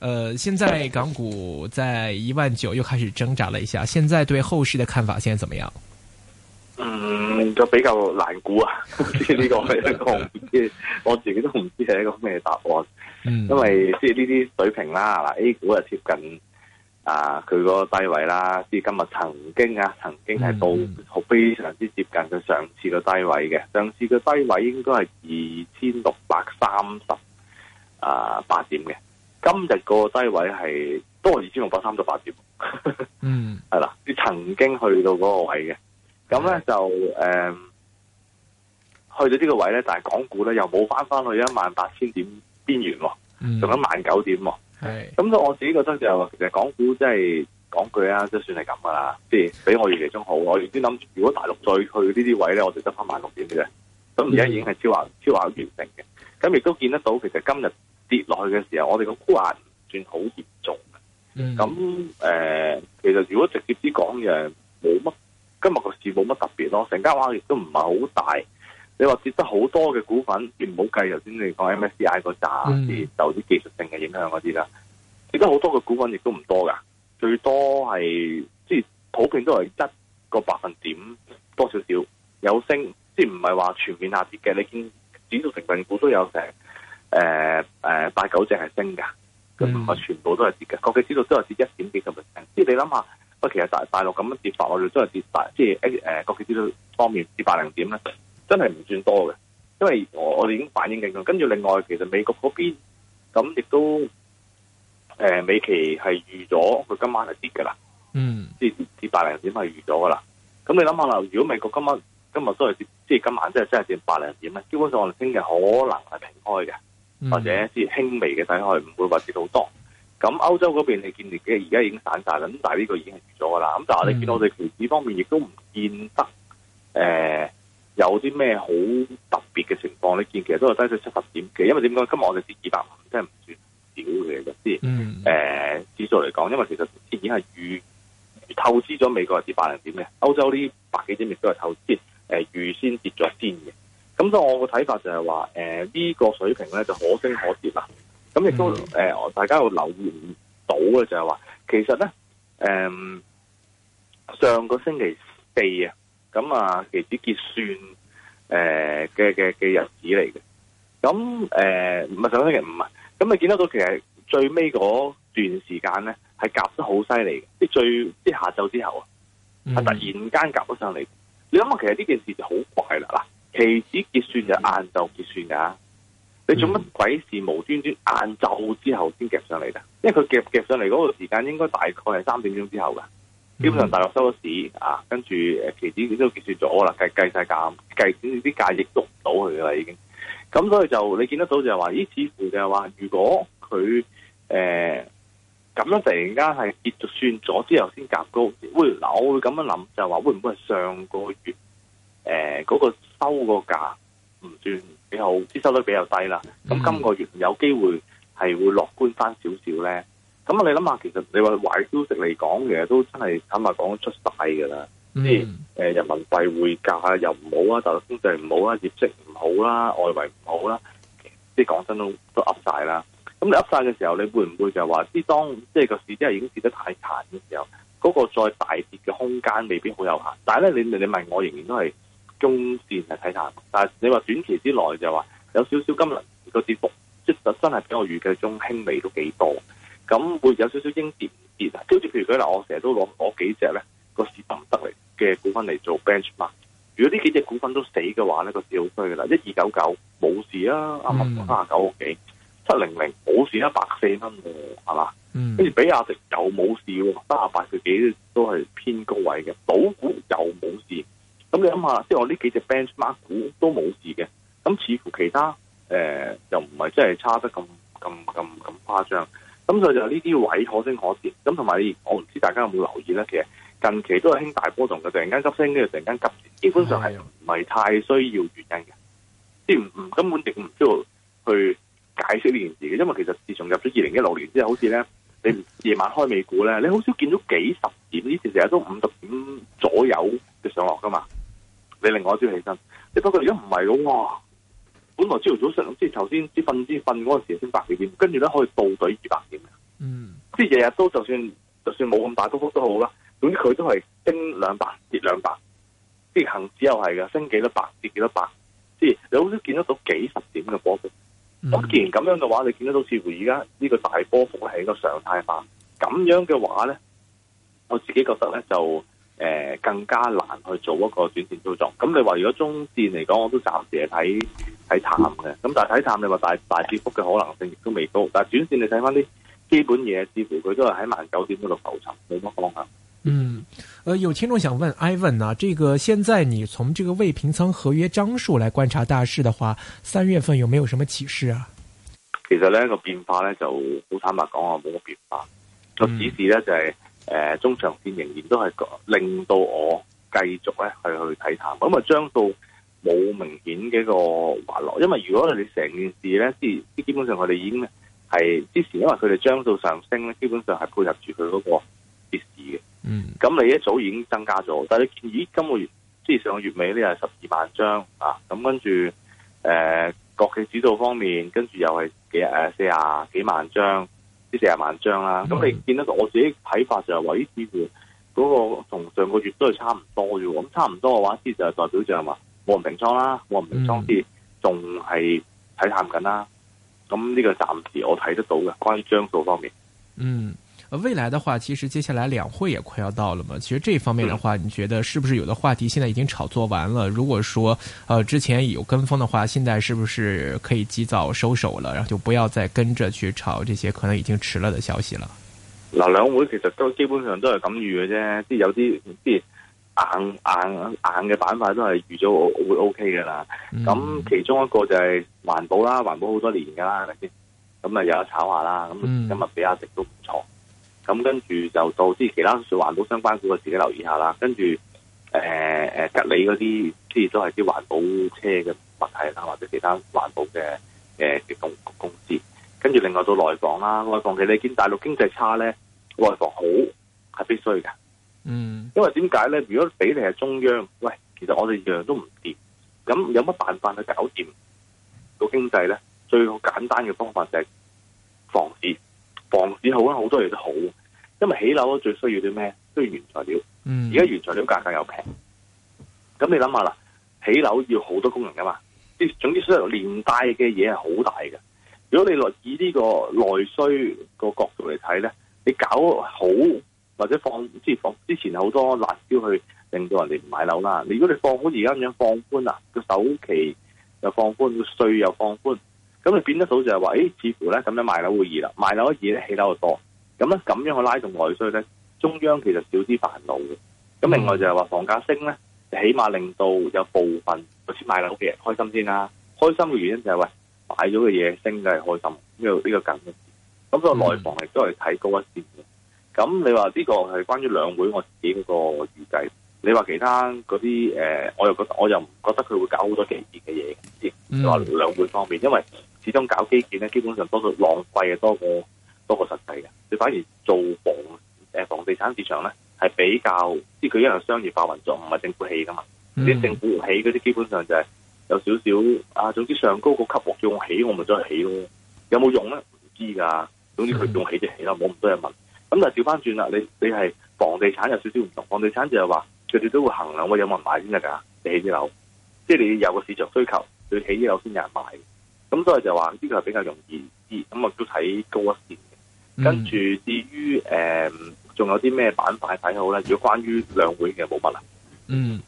呃，現在港股在一萬九又開始掙扎了一下，現在對後市嘅看法，現在怎麼樣？嗯，就比較難估啊，呢、呢個係一個唔知，我自己都唔知係一個咩答案。嗯、因為即係呢啲水平啦，嗱 A 股啊接近啊佢嗰個低位啦，即係今日曾經啊，曾經係到好非常之接近佢上次嘅低位嘅、嗯，上次嘅低位應該係二千六百三十啊八點嘅。今日個低位係多二千六百三十八點，嗯，係 啦，你曾經去到嗰個位嘅，咁、嗯、咧就誒、uh, 去到呢個位咧，但係港股咧又冇翻翻去一萬八千點邊緣喎，仲、嗯、有一萬九點喎，係，咁我自己覺得就其實港股即係講句啊，都算係咁噶啦，即係比我預期中好，我原先諗如果大陸再去呢啲位咧，我就得翻萬六點嘅，咁而家已經係超牛、嗯、超牛完成嘅，咁亦都見得到其實今日。跌落去嘅時候，我哋個沽壓唔算好嚴重嘅。咁、嗯、誒、呃，其實如果直接啲講嘅，冇乜今日個市冇乜特別咯。成家話亦都唔係好大。你話跌得好多嘅股份，亦唔好計頭先你講 MSCI 個炸市，受啲技術性嘅影響嗰啲啦。跌得好多嘅股份亦都唔多噶，最多係即係普遍都係一個百分點多少少有升，即係唔係話全面下跌嘅。你見指數成分股都有成。誒、呃、誒、呃，八九隻係升噶，咁、嗯、全部都係跌嘅。國企指數都係跌一點幾十 percent，即係你諗下，我其實大大陸咁樣跌百，我哋都係跌百，即係誒，國企指數方面跌八零點咧，真係唔算多嘅。因為我我哋已經反映緊佢，跟住另外其實美國嗰邊咁亦都誒、呃，美期係預咗佢今晚係跌噶啦，嗯，跌跌八零點係預咗噶啦。咁你諗下啦，如果美國今晚今日都係跌，即係今晚真係真係跌八零點咧，基本上我哋聽日可能係平開嘅。或者啲輕微嘅低開，唔會話跌好多。咁歐洲嗰邊你見住嘅而家已經散晒啦，咁但係呢個已經係預咗噶啦。咁但係我哋見到我哋股市方面亦都唔見得誒、呃、有啲咩好特別嘅情況。你見其實都係低咗七十點嘅。因為點解？今日我哋跌二百，真係唔算少嘅啫。先誒指數嚟講，因為其實已經係預透支咗美國跌百零點嘅，歐洲呢百幾點亦都係透支，誒、呃、預先跌咗先嘅。咁所以，我個睇法就係話，誒、呃、呢、呢個水平咧就可升可跌啦。咁亦都，誒、mm-hmm. 呃、大家要留意到嘅就係話，其實咧，誒、呃、上個星期四啊，咁啊期指結算誒嘅嘅嘅日子嚟嘅。咁誒唔係上個星期五啊。咁你見得到其實最尾嗰段時間咧係夾得好犀利嘅，即最即下晝之後啊，突然間夾咗上嚟。Mm-hmm. 你諗下，其實呢件事就好怪啦，期指結算就晏晝結算噶，mm-hmm. 你做乜鬼事無端端晏晝之後先夾上嚟噶？因為佢夾夾上嚟嗰個時間應該大概係三點鐘之後噶，基本上大陸收咗市啊，跟住期指亦已經都結算咗啦，計計晒價，計少啲價亦都唔到佢噶啦已經。咁所以就你見得到就係話，咦？似乎就係話，如果佢誒咁樣突然間係結算咗之後先夾高，會嗱我會咁樣諗就係話，會唔會係上個月誒嗰、呃嗰個？收個價唔算比較好，支收率比較低啦。咁今個月有機會係會樂觀翻少少咧。咁啊，你諗下，其實你話壞消息嚟講，其實都真係坦白講出晒噶啦。即、mm-hmm. 係人民幣匯價又唔好啦，就經濟唔好啦，業績唔好啦，外圍唔好啦。即係講真都都噏晒啦。咁你噏晒嘅時候，你會唔會就係話即當即係個市真係已經跌得太殘嘅時候，嗰、那個再大跌嘅空間未必好有限。但係咧，你你問我，仍然都係。中線係睇淡，但係你話短期之內就話有少少金輪個跌幅，即係真係比我預計中輕微都幾多。咁會有少少應跌唔跌啊？跟住譬如佢嗱，我成日都攞攞幾隻咧個市得唔得嚟嘅股份嚟做 bench 嘛？如果呢幾隻股份都死嘅話咧，個市好衰啦！一二九九冇事啊，啱啱三十九幾七零零冇事啊，百四蚊嘅係嘛？Mm. 跟住比亞迪又冇事喎，啊，三十八佢幾個都係偏高位嘅，賭股又冇事。咁你諗下，即、就、係、是、我呢幾隻 Benchmark 股都冇事嘅，咁似乎其他誒、呃、又唔係真係差得咁咁咁咁誇張，咁所以就呢啲位可升可跌。咁同埋我唔知大家有冇留意咧，其實近期都有輕大波動嘅，突然間急升跟住突然間急跌，基本上係唔係太需要原因嘅，即、就、唔、是、根本亦唔需要去解釋呢件事嘅，因為其實自從入咗二零一六年之後，好似咧你夜晚開美股咧，你好少見到幾十點，呢段成日都五十點左右嘅上落噶嘛。你另外一朝起身，你不過如果唔係嘅話，本來朝頭早上即係頭先啲瞓啲瞓嗰陣時升百幾點，跟住咧可以倒懟二百點，嗯、mm.，即係日日都就算就算冇咁大波幅都好啦。總之佢都係升兩百跌兩百，即係恒指又係嘅升幾多百跌幾多百，即係你好似見得到幾十點嘅波幅。咁、mm. 既然咁樣嘅話，你見得到似乎而家呢個大波幅係一個常態化。咁樣嘅話咧，我自己覺得咧就。誒、呃，更加難去做一個短線操作。咁你話如果中線嚟講，我都暫時係睇睇淡嘅。咁但係睇淡，你話大大跌幅嘅可能性亦都未高。但係短線你睇翻啲基本嘢，似乎佢都係喺萬九點嗰度浮沉，冇乜方向。嗯，誒、呃，有聽眾想問 Ivan 啊，這個現在你從呢個未平倉合約張數來觀察大市嘅話，三月份有冇有什麼啟示啊？其實呢個變化呢，就好坦白講啊，冇乜變化。個指示呢，就係、是。嗯誒，中長線仍然都係令到我繼續咧去去睇淡，咁啊張數冇明顯嘅個滑落，因為如果你成件事咧，即係基本上我哋已經係之前，因為佢哋張數上升咧，基本上係配合住佢嗰個跌市嘅。嗯，咁你一早已經增加咗，但係你見咦今個月即係上個月尾呢，係十二萬張啊，咁跟住誒、呃、國企指數方面，跟住又係幾誒四十幾萬張。啲四十萬張啦、啊，咁、嗯、你見得到？我自己睇法就係話呢次嗰個同上個月都係差唔多嘅，咁差唔多嘅話，啲就係代表就係話冇人平倉啦，冇人平倉啲仲係睇淡緊啦、啊。咁呢個暫時我睇得到嘅，關於張數方面，嗯。未來的話，其實接下來兩會也快要到了嘛。其實這方面的話，你覺得是不是有的話題現在已經炒作完了？如果說，呃之前有跟風的話，現在是不是可以及早收手了，然後就不要再跟着去炒這些可能已經遲了的消息了？嗱，兩會其實都基本上都係咁預嘅啫，即係有啲，即係硬硬硬嘅板塊都係預咗會 O K 噶啦。咁、嗯、其中一個就係環保啦，環保好多年噶啦，係咪先？咁啊有得炒下啦，咁今日比亞迪都唔錯。嗯嗯咁跟住就到前其他環保相關股我自己留意下啦。跟住誒誒吉利嗰啲，即、呃、係都係啲環保車嘅物體啦，或者其他環保嘅誒嘅公公司。跟住另外到內房啦，內房其實你見大陸經濟差咧，內房好係必須㗎！嗯，因為點解咧？如果畀你係中央，喂，其實我哋樣樣都唔掂，咁有乜辦法去搞掂個經濟咧？最好簡單嘅方法就係房市，房市好咧，好多嘢都好。因為起樓最需要啲咩？需要原材料。而家原材料價格又平，咁你諗下啦，起樓要好多工人噶嘛？啲總之需要連帶嘅嘢係好大嘅。如果你落以呢個內需個角度嚟睇咧，你搞好或者放，即係放之前好多辣招去令到人哋唔買樓啦。你如果你放寬而家咁樣放寬啊，個首期又放寬，個稅又放寬，咁你變得到就係話，誒、哎，似乎咧咁樣賣樓會易啦，賣樓易咧，起樓就多。咁咧，咁樣去拉動外需咧，中央其實少啲煩惱嘅。咁、嗯、另外就係話房價升咧，起碼令到有部分頭先買樓嘅人開心先啦、啊。開心嘅原因就係、是、喂買咗嘅嘢升就係開心。呢、這個呢個緊嘅事。咁個內房亦都係睇高一線。嘅。咁你話呢個係關於兩會我自己嗰個預計。你話其他嗰啲誒，我又覺得我又唔覺得佢會搞好多基建嘅嘢。先、嗯、話兩會方面，因為始終搞基建咧，基本上多數浪費嘅多，多過多過實際嘅。你反而做房誒，房地產市場咧係比較，即係佢因為商業化運作，唔係政府起噶嘛。啲、mm-hmm。政府起嗰啲基本上就係有少少啊，總之上高個級局叫我起，我咪再起咯。有冇用咧？唔知噶。總之佢用起就起啦，冇咁多人問。咁、嗯、啊，調翻轉啦，你你係房地產有少少唔同，房地產就係話佢哋都會衡量我有冇人買先得噶，你起啲樓，即係你有個市場需求，你起啲樓先有人買。咁、嗯、所以就話呢個係比較容易啲，咁、嗯、啊都睇高一跟住至於誒，仲有啲咩板塊睇好呢？如果關於兩會嘅冇乜啦。嗯，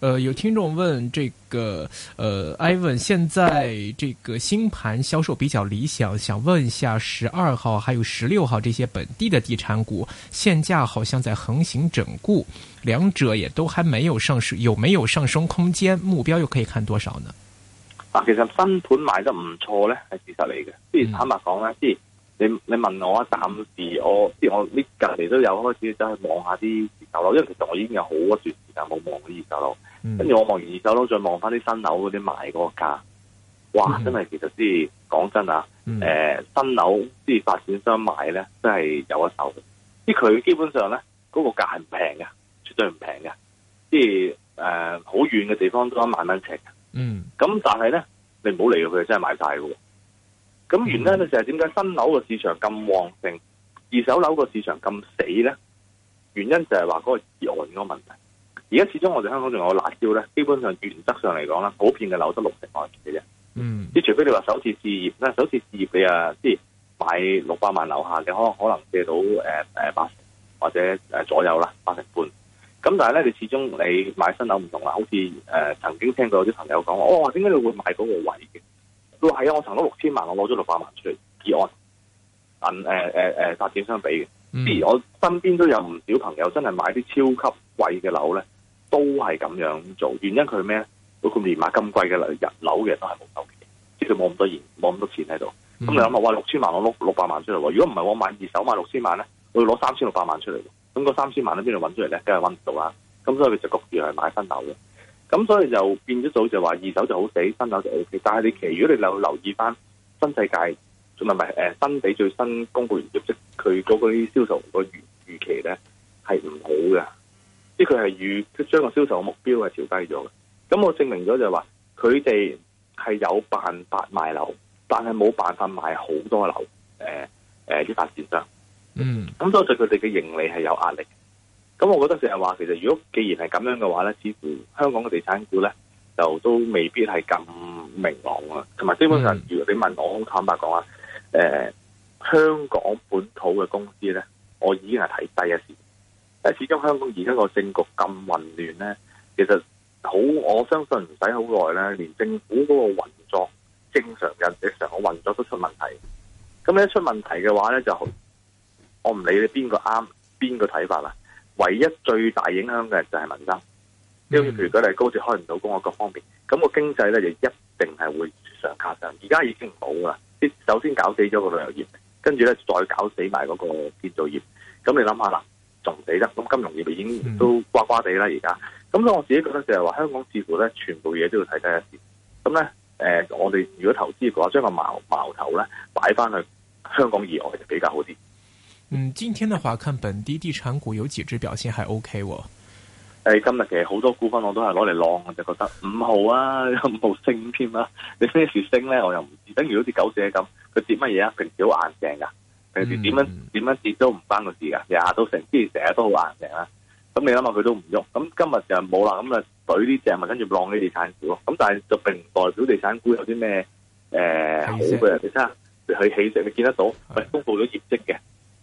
呃，有聽眾問這個，呃，Ivan 現在這個新盤銷售比較理想，想問一下，十二號還有十六號這些本地的地產股現價好像在橫行整固，兩者也都還沒有上市，有沒有上升空間？目標又可以看多少呢？啊，其實新盤賣得唔錯呢，係事實嚟嘅。即係坦白講啦，即、嗯、係。你你問我啊？暫時我即係我呢近嚟都有開始走去望下啲二手樓，因為其實我已經有好一段時間冇望啲二手樓，跟、嗯、住我望完二手樓再望翻啲新樓嗰啲賣嗰個價，哇！嗯、真係其實即係講真啊，誒、呃，新樓即係發展商賣咧，真係有一手，即係佢基本上咧嗰、嗰個價係唔平嘅，絕對唔平嘅，即係誒，好遠嘅地方都一萬蚊尺，嗯，咁但係咧，你唔好嚟嘅，佢真係買晒嘅。咁、嗯、原因咧就係點解新樓個市場咁旺盛，二手樓個市場咁死咧？原因就係話嗰個按嗰個問題。而家始終我哋香港仲有辣招咧，基本上原則上嚟講啦，普遍嘅樓得六成外嘅啫。嗯，即除非你話首次置業啦，首次置業你啊即係買六百萬樓下你可能可能借到誒誒、呃呃、八成或者誒、呃、左右啦，八成半。咁但係咧，你始終你買新樓唔同啦，好似誒、呃、曾經聽過有啲朋友講，我話點解你會買嗰個位？都係啊！我曾攞六千萬，我攞咗六百萬出嚟結案，但誒誒誒發展相比嘅。譬、mm-hmm. 如我身邊都有唔少朋友真係買啲超級貴嘅樓咧，都係咁樣做。原因佢咩咧？佢連買咁貴嘅樓，人樓嘅都係冇首嘅，即使冇咁多現冇咁多錢喺度。咁你諗下，哇！六千萬我攞六百萬出嚟喎。如果唔係我買二手買六千萬咧，我要攞三千六百萬出嚟。咁嗰三千萬喺邊度揾出嚟咧？梗係揾唔到啦。咁所以佢就焗住係買新樓嘅。咁所以就變咗組就話二手就好死，新樓就 OK。但係你其實如果你有留意翻新世界仲埋誒新地最新公佈業績，佢嗰個啲銷售個預預期咧係唔好嘅，即佢係預將個銷售個目標係調低咗嘅。咁我證明咗就話佢哋係有辦法賣樓，但係冇辦法賣好多樓。誒誒啲發展商，嗯，咁所以對佢哋嘅盈利係有壓力。咁，我覺得成日話，其實如果既然係咁樣嘅話咧，似乎香港嘅地產股咧就都未必係咁明朗啊。同埋，基本上如果你問我，好坦白講啊，呃，香港本土嘅公司咧，我已經係睇低一線。但係始終香港而家個政局咁混亂咧，其實好我相信唔使好耐咧，連政府嗰個運作正常人日常個運作都出問題。咁一出問題嘅話咧，就我唔理你邊個啱，邊個睇法啦。唯一最大影響嘅就係民生，因、mm-hmm. 如果你高鐵開唔到，工。各方面，咁、那個經濟咧就一定係會上卡上。而家已經唔好啦，首先搞死咗個旅遊業，跟住咧再搞死埋嗰個建造業。咁你諗下啦，仲唔死得？咁金融業已經都呱呱地啦，而家。咁所以我自己覺得就係話，香港似乎咧全部嘢都要睇低一啲。咁咧，誒、呃，我哋如果投資嘅話，將個矛矛頭咧擺翻去香港以外就比較好啲。嗯，今天嘅話，看本地地產股有幾隻表現還 OK 喎。誒，今日其實好多股份我都係攞嚟浪，我就覺得五號啊，五號升添啦、啊。你咩時升咧？我又唔知，等於好似狗仔咁，佢跌乜嘢啊？平時好硬淨噶，平時點樣點樣跌都唔翻個字噶，日日都成都之前成日都好硬淨啊。咁你諗下佢都唔喐，咁今日就冇啦。咁啊懟啲隻，咪跟住浪呢地產股咯。咁但係就並唔代表地產股有啲咩誒好嘅，你睇下佢起色，你見得到，佢公布咗業績嘅。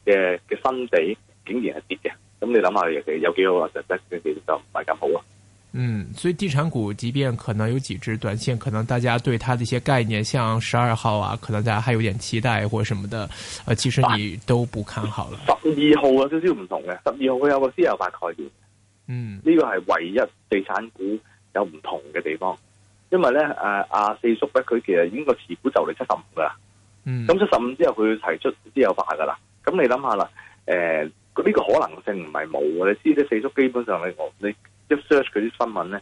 嘅嘅新地竟然係跌嘅，咁你諗下，有幾多實則嘅其實就唔係咁好啊？嗯，所以地產股即便可能有幾支短線，可能大家對它嘅一些概念，像十二號啊，可能大家還有點期待或者什麼的，其實你都不看好了。嗯、十二號有少少唔同嘅，十二號佢有個私有化概念，嗯，呢個係唯一地產股有唔同嘅地方，因為咧，誒、啊，阿四叔咧，佢其實已經個持股就嚟七十五噶，嗯，咁七十五之後佢提出私有化噶啦。咁你諗下啦，誒、呃，呢個可能性唔係冇嘅。你知啲四叔基本上咧、嗯，我你一 search 佢啲新聞咧，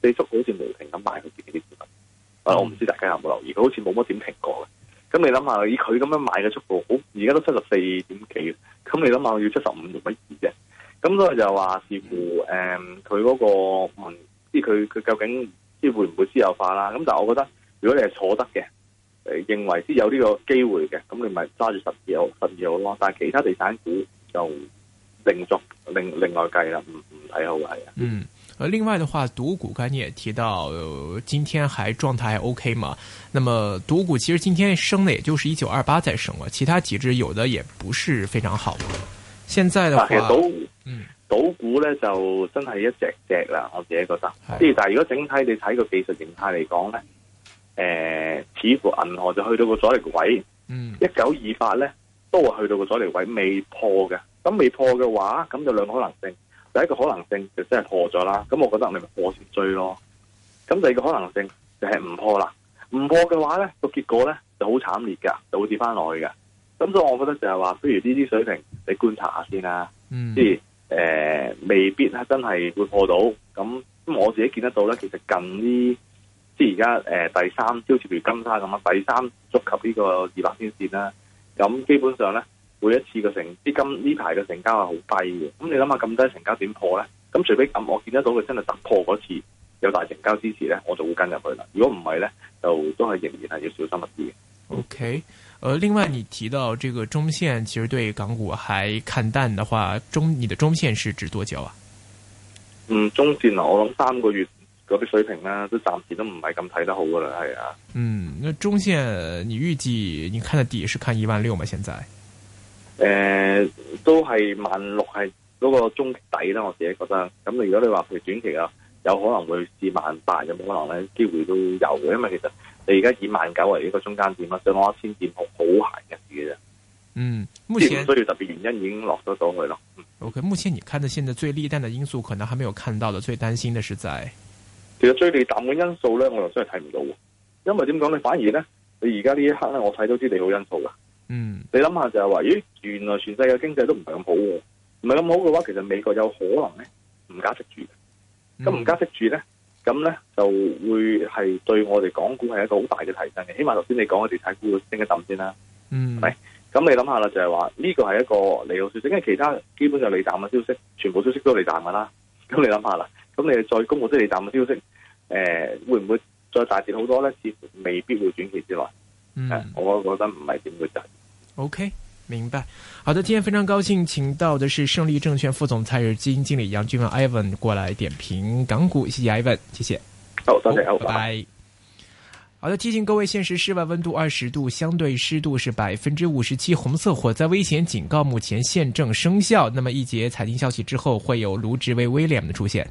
四叔好似無停咁買佢自己啲股份。誒，我唔知大家有冇留意，佢好似冇乜點停過嘅。咁你諗下，以佢咁樣買嘅速度，而家都七十四點幾，咁你諗下要七十五容乜易啫？咁所以就話，視乎誒，佢嗰個問，即係佢佢究竟即係會唔會私有化啦？咁但係我覺得，如果你係坐得嘅。誒，認為先有呢個機會嘅，咁你咪揸住十二號、十二號咯。但係其他地產股就另作另另外計啦，唔唔睇好係啊。嗯，另外嘅話，賭股剛才也提到，呃、今天還狀態 OK 嘛？那麼賭股其實今天升的也就是一九二八再升啦，其他幾隻有的也不是非常好的。現在嘅話，賭嗯賭股呢，就真係一隻隻啦，我自己覺得。即係但係如果整體你睇個技術形態嚟講呢。誒、呃，似乎銀行就去到個阻力位，一九二八咧都會去到個阻力位未破嘅。咁未破嘅話，咁就兩個可能性。第一個可能性就真係破咗啦。咁我覺得你咪破先追咯。咁第二個可能性就係唔破啦。唔破嘅話咧，個結果咧就好慘烈噶，就會跌翻落去噶。咁所以我覺得就係話，不如呢啲水平你觀察下先啦、啊。即、嗯、係誒、呃，未必係真係會破到。咁咁我自己見得到咧，其實近呢。而家誒第三，好似譬如金沙咁啊，第三觸及呢個二百天線啦。咁基本上咧，每一次嘅成，啲金呢排嘅成交係好低嘅。咁你諗下咁低成交點破咧？咁除非咁，我見得到佢真係突破嗰次有大成交支持咧，我就會跟入去啦。如果唔係咧，就都係仍然係要小心一啲嘅。O K，呃，另外你提到呢個中線，其實對港股還看淡嘅話，中你嘅中線是指多久啊？嗯，中線啊，我諗三個月。嗰啲水平啦、啊，都暫時都唔係咁睇得好噶啦，係啊。嗯，那中線你預計你看的底是看一萬六嗎？現在誒、呃，都係萬六係嗰個中底啦。我自己覺得咁，那如果你話佢短期啊，有可能會至萬八，有冇可能呢？機會都有嘅，因為其實你而家以萬九為一個中間點啦，所以一千點好好閒嘅。嗯，目前需要特別原因已經落咗到去咯。O、嗯、K，目前你睇的現在最利淡的因素，可能還沒有看到的最擔心的是在。其實追利淡嘅因素咧，我又真係睇唔到的。因為點講咧，反而咧，你而家呢一刻咧，我睇到啲利好因素噶。嗯，你諗下就係話，咦，原來全世界嘅經濟都唔係咁好，唔係咁好嘅話，其實美國有可能咧唔加息住的。咁、嗯、唔加息住咧，咁咧就會係對我哋港股係一個好大嘅提升嘅。起碼頭先你講嘅地產股會升一浸先啦。嗯，係咪？咁你諗下啦，就係話呢個係一個利好消息，因為其他基本上利淡嘅消息，全部消息都利淡噶啦。咁你諗下啦，咁你再公布啲利淡嘅消息。誒、呃，會唔會再大跌好多呢？似乎未必會短期之內。嗯，我、啊、我覺得唔係點會滯。O、okay, K，明白。好的，今天非常高興，請到的是勝利證券副總裁日基金經理楊俊文 Ivan 過來點評港股，謝謝 Ivan，謝謝。好，多謝，拜拜。好的，提醒各位，現時室外溫度二十度，相對濕度是百分之五十七，紅色火災危險警告目前現正生效。那麼一節財經消息之後，會有盧職為威廉的出現。